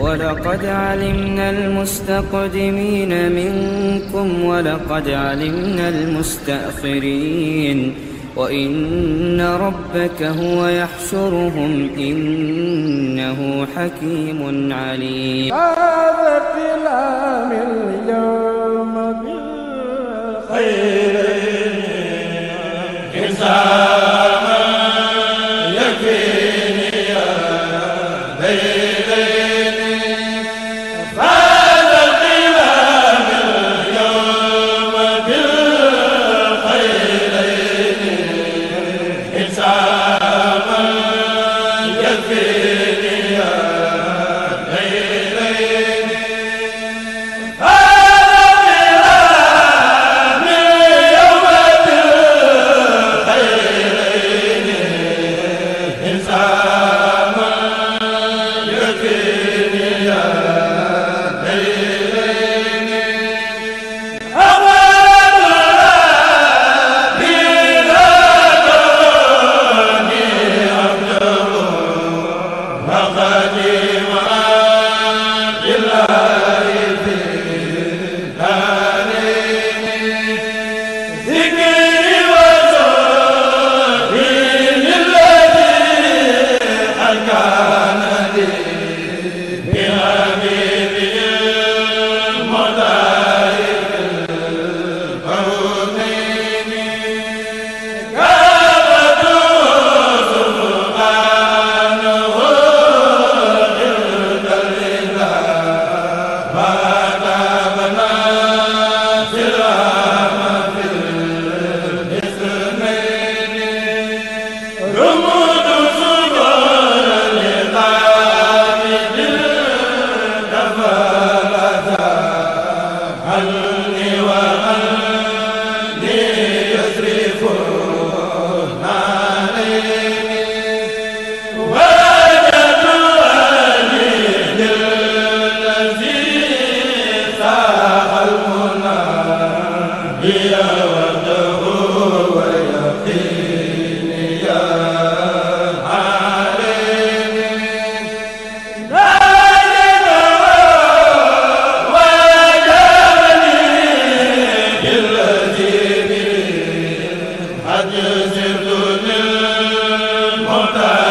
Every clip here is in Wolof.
ولقد علمنا المستقدمين منكم ولقد علمنا المستأخرين وإن ربك هو يحشرهم إنه حكيم عليم هذا كلام اليوم بالخير حساب أجزل للمتقين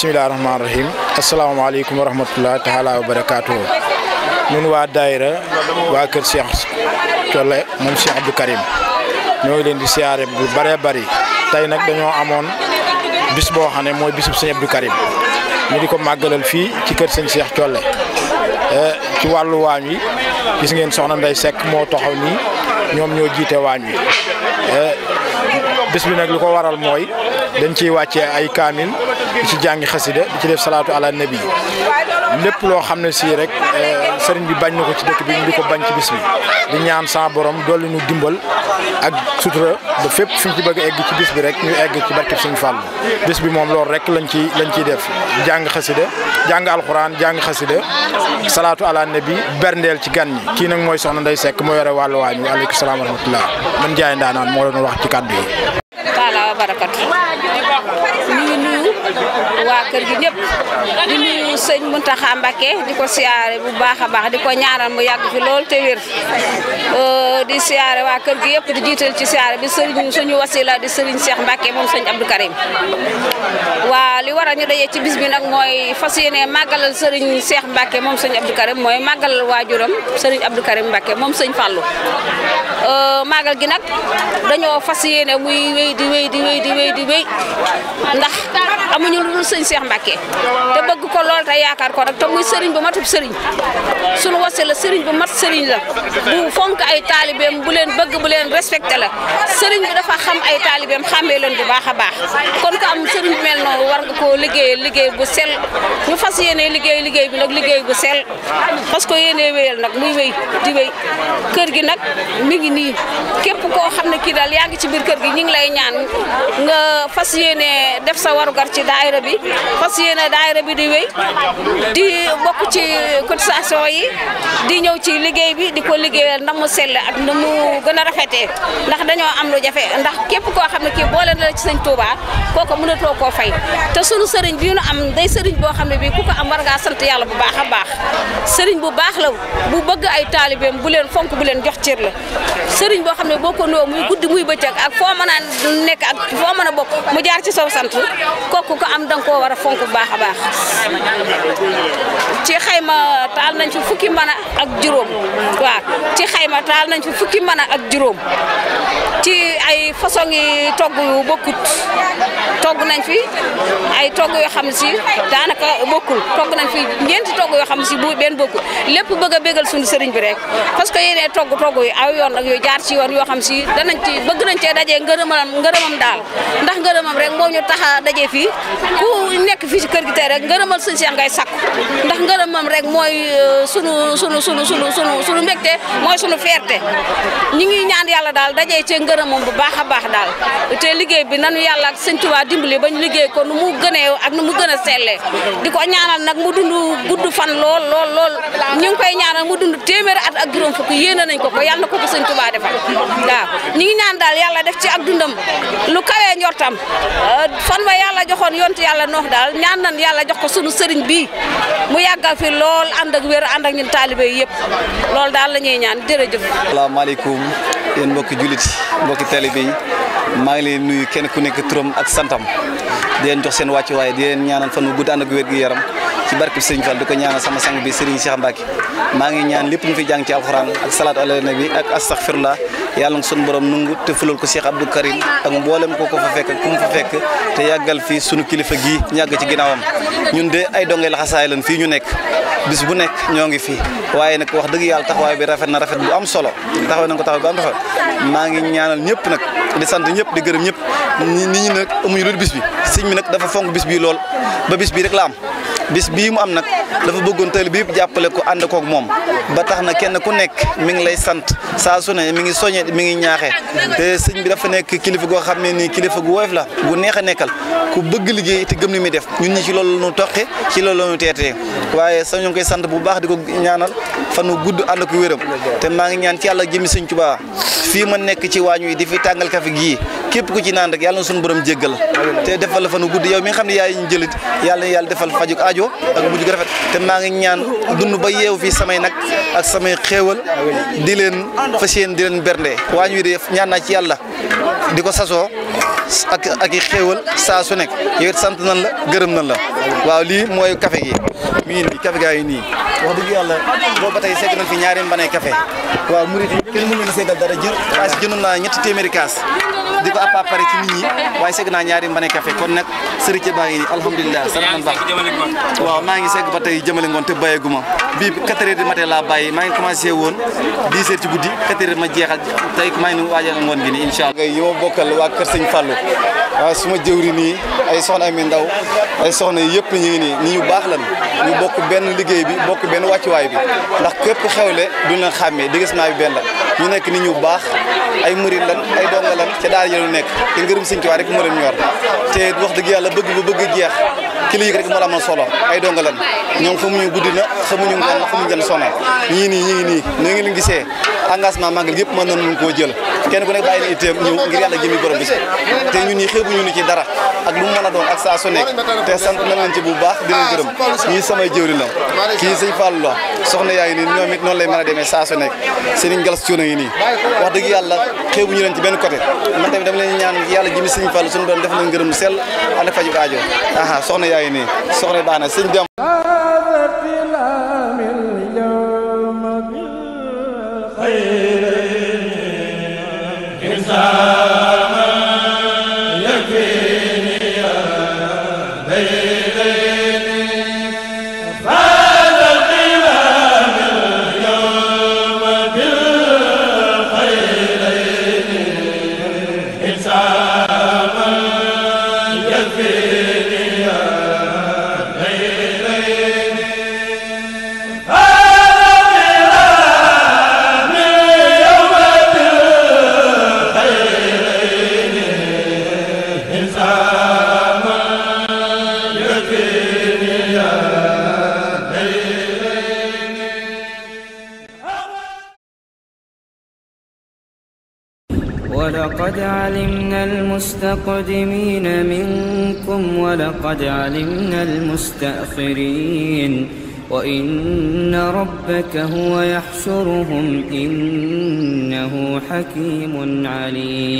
bisimilah rahmaani rahim asalaamaaleykum wa rahmatulah taala wa barakaatu. ñun waa Daayira waa kër Cheikh Colle moom Cheikh Abdou Karim ñoo ngi leen di siyaare bu bëree bari tey nag dañoo amoon bis boo xam ne mooy bisub sëñ Abdou Karim ñu di ko màggalal fii ci kër seen seex Colle ci wàllu waañ wi gis ngeen soxna Ndey Seck moo taxaw nii ñoom ñoo jiite waañ wi eh, bis bi nag li ko waral mooy dañ ciy wàccee ay kaamil. di ci jàngi xasida di ci def salaatu ala nabi lépp loo xam ne sii rek eh, sëriñ bi bañ na ko ci dëkk bi ñu di ko bañ ci bis bi di ñaan sa borom dolli ñu dimbal ak sutura ba fépp fi ci bëgg egg ci bis bi rek ñu egg ci barkeb Sëriñ Fallu bis bi moom loolu rek lañ ci lañ ciy def jàng xasida jàng alxuraan jàng xasida salaatu ala nabi berndeel ci gan ñi kii nag mooy soxna Ndeye sekk moo yore wàllu waañ waaleykum salaam wa rahmatullah man jaay ndaanaan moo doon wax ci kàddu yi. waa kër gi ñëpp di nuyu sëñ Mountakha Mbacké di ko siyaare bu baax a baax di ko ñaanal mu yàgg fi lool te wér di siyaare waa kër gi yëpp di jiital ci siyaare bi sëriñ suñu wasila di sëriñ Cheikh Mbacké moom sëñ Abdou Karim waa li war a ñu dajee ci bis bi nag mooy fas yéene màggalal sëriñ seex Mbacké moom sëñ Abdou Karim mooy màggalal waajuram sëriñ Abdou Karim Mbacké moom sëñ Fallou màggal gi nag dañoo fas yéene muy wéy di wéy di wéy di wéy di wéy ndax amuñu lu sëñ Cheikh Mbacke te bëgg ko lool te yaakaar ko rek te muy sëriñ bu matub sëriñ sunu wasi la sëriñ bu mat sëriñ la bu fonk ay taalibeem bu leen bëgg bu leen respecté la sëriñ bi dafa xam ay taalibeem xàmmee leen bu baax a baax kon ko am sëriñ bu mel noonu war nga koo liggéey liggéey bu sel ñu fas yéene liggéey liggéey bi nag liggéey bu sel parce que yéene nag muy wéy di wéy kër gi nag mi ngi nii képp ko xam ne kii daal yaa ngi ci biir kër gi ñi ngi lay ñaan nga fas yéene def sa warugar ci daayira bi fas yéene daayira bi di wéy di bokk ci cotisation yi di ñëw ci liggéey bi di ko liggéeyal ndax mu sell ak na mu gën a rafetee ndax dañoo am lu jafe ndax képp koo xam ne kii boole na la ci sëñ Touba kooku mënatoo koo fay te sunu sëriñ bi ñu am day sëriñ boo xam ne bii ku ko am war ngaa sant yàlla bu baax a baax sëriñ bu baax la bu bëgg ay taalibeem bu leen fonk bu leen jox cër la sëriñ boo xam ne boo ko noo muy guddi muy bëccëg ak foo mën a nekk ak foo mën bokk koo war a fonk bu ci xayma taal nañ fi fukki mën ak juróom waaw ci xayma taal nañ fi fukki mën ak juróom ci ay ay façon yi togg yu bokkut togg nañ fi ay togg yoo xam si daanaka bokkul togg nañ fi ñeenti togg yoo xam si bu benn bokkul lépp bëgg a bégal suñu sëriñ bi rek parce que yeneen togg togg yu aw yoon ak yu jaar yoon yoo xam si danañ ci bëgg nañ cee dajee ngërëmam ngërëmam daal ndax ngërëmam rek moo ñu tax a dajee fii ku nekk fii ci kër gi tey rek ngërëmal suñu seex ngay sakku ndax ngërëmam rek mooy euh, sunu sunu sunu sunu sunu sunu mooy sunu fierté ñi ngi ñaan yàlla daal dajee ci ngërëmam bu baax a baax daal te liggéey bi nanu yàlla ak sëñ Tuubaa dimbali ba ñu liggéey ko nu mu gënee ak nu mu gën a sellee di ko ñaanal nag mu dund gudd fan lool lool lool ñu ngi koy ñaanal mu dund téeméeri at ak juróom fukk yéene nañ ko ko yàlla ko ko sëñ Tuubaa defal waaw ñu ngi ñaan daal yàlla def ci ak dundam lu kawee njortam fan ba yàlla joxoon yontu yàlla noox daal ñaan nan yàlla jox ko sunu sëriñ bi mu yàggal fi lool ànd ak wér ànd ak ñun taalibe yëpp loolu daal la ñuy ñaan jërëjëf asalaamaaleykum yéen mbokki jullit mbokki taalibe yi maa ngi leen nuyu kenn ku nekk turam ak santam di leen jox seen wàccu waaye di leen ñaanal fan wu gudd ànd ak wér gi yaram ci barke Serigne Fall di ko ñaanal sama sang bi Serigne Cheikh Mbacke maa ngi ñaan lépp mu fi jàng ci alxuraan ak salaatu ala nabi ak astaghfirullah yàlla nga sunu borom nungu te fulal ko Cheikh Abdou Karim ak mboolem ko ko fa fekk ku mu fa fekk te yàggal fii sunu kilifa gii ñàgg ci ginnaawam ñun de ay dongee laxasaay lan fii ñu nekk bis bu nekk ñoo ngi fii waaye nag wax dëgg yàlla taxawaay bi rafet na rafet bu am solo taxawaay na ko taxaw bu am rafet maa ngi ñaanal ñëpp nag sant ñëpp di gërëm ñëpp nit ñi nag amuñu lu bis bi sëñ bi nag dafa fonk bis bi lool ba bis bi rek la am bis bii mu am nag dafa bëggoon teel bi yëpp jàppale ko ànd kook moom ba tax na kenn ku nekk mi ngi lay sant saa su mi ngi soñe mi ngi ñaaxee te sëñ bi dafa nekk kilifa goo xam ne nii kilifa gu woyof la gu neex a nekkal ku bëgg liggéey te gëm ni muy def ñun ñi ci loolu nu toqi ci loolu nu teetee waaye sañu ngi koy sant bu baax di ko ñaanal fanu gudd ànd ko wéram te maa ngi ñaan ci yàlla jëmi sëñ Tuubaa fii ma nekk ci waañ wi di fi tàngal kafe gii képp ku ci naan rek yàlla na suñu borom jéggal te defal la fanu gudd yow mi xam ne yaay ñu jëlit yàlla yàlla defal fajuk aajo ak mujj gu rafet te maa ngi ñaan dund ba yeew fii samay nag ak samay xéewal di leen fas yéene di leen bernde waañ wi de ñaan naa ci yàlla di ko sasoo ak ak i xéewal saa su nekk yow it sant nan la gërëm nan la waaw lii mooy kafe gi mi ngi nii café gaa yi nii wax dëgg yàlla boobu ba tey segg nañ fi ñaari mbanay kafe waaw murit yi kenn mënu leen seetal dara jër kaas jëndoon naa ñetti téeméeri kaas di ko appapare ci nit ñi waaye segg naa ñaari mbane café kon nag sëriñ ca baa ngi alhamdulilah maa ngi segg ba tey jëmale ngoon te bàyyeeguma bii 4 ma du matin laa bàyyi maa ngi commencé woon 10 heures ci guddi 4 heures ma jeexal tey maa ngi waajal ngoon gi nii incha allah yoo ma bokkal waa kër sëñ Fallou waaw su ma jëwri nii ay soxna Ami Ndaw ay soxna yëpp ñu ngi nii nii ñu baax lan ñu bokk benn liggéey bi bokk benn waay bi ndax képp xewle duñ leen xàmmee diggis naa bi benn la ñu nekk ni ñu baax ay murid lan ay donga lan ca daal yi ñu nekk te ngërëm Sëñ Tuubaa rek moo leen ñor te wax dëgg yàlla bëgg bu bëgg jeex ki la yëg rek moo la amoon solo ay donga lan ñoom xamuñu guddi na xamuñu ngoon xamuñu dan sona ñii nii ñii nii ñoo ngi leen gisee engagement magal yëpp mën nañu koo jël kenn ku nekk bàyyi na itteem ñëw ngir yàlla bi te ñun ci dara ak lu mu mën a doon ak saa su nekk te sant na bu baax di leen gërëm ñii samay jëwri la kii sëñ Fallou la soxna yaa ngi nii ñoom it noonu lay mën a demee saa su nekk sëriñ Galas Cuuna ngi nii wax dëgg yàlla xeebuñu leen ci benn côté man tamit dama leen ñaan yàlla jëmi sëñ Fallou suñu doon def na ngërëm sell ànd ak faju aajo soxna yaay nii soxna daana sëñ dem المستقدمين منكم ولقد علمنا المستأخرين وإن ربك هو يحشرهم إنه حكيم عليم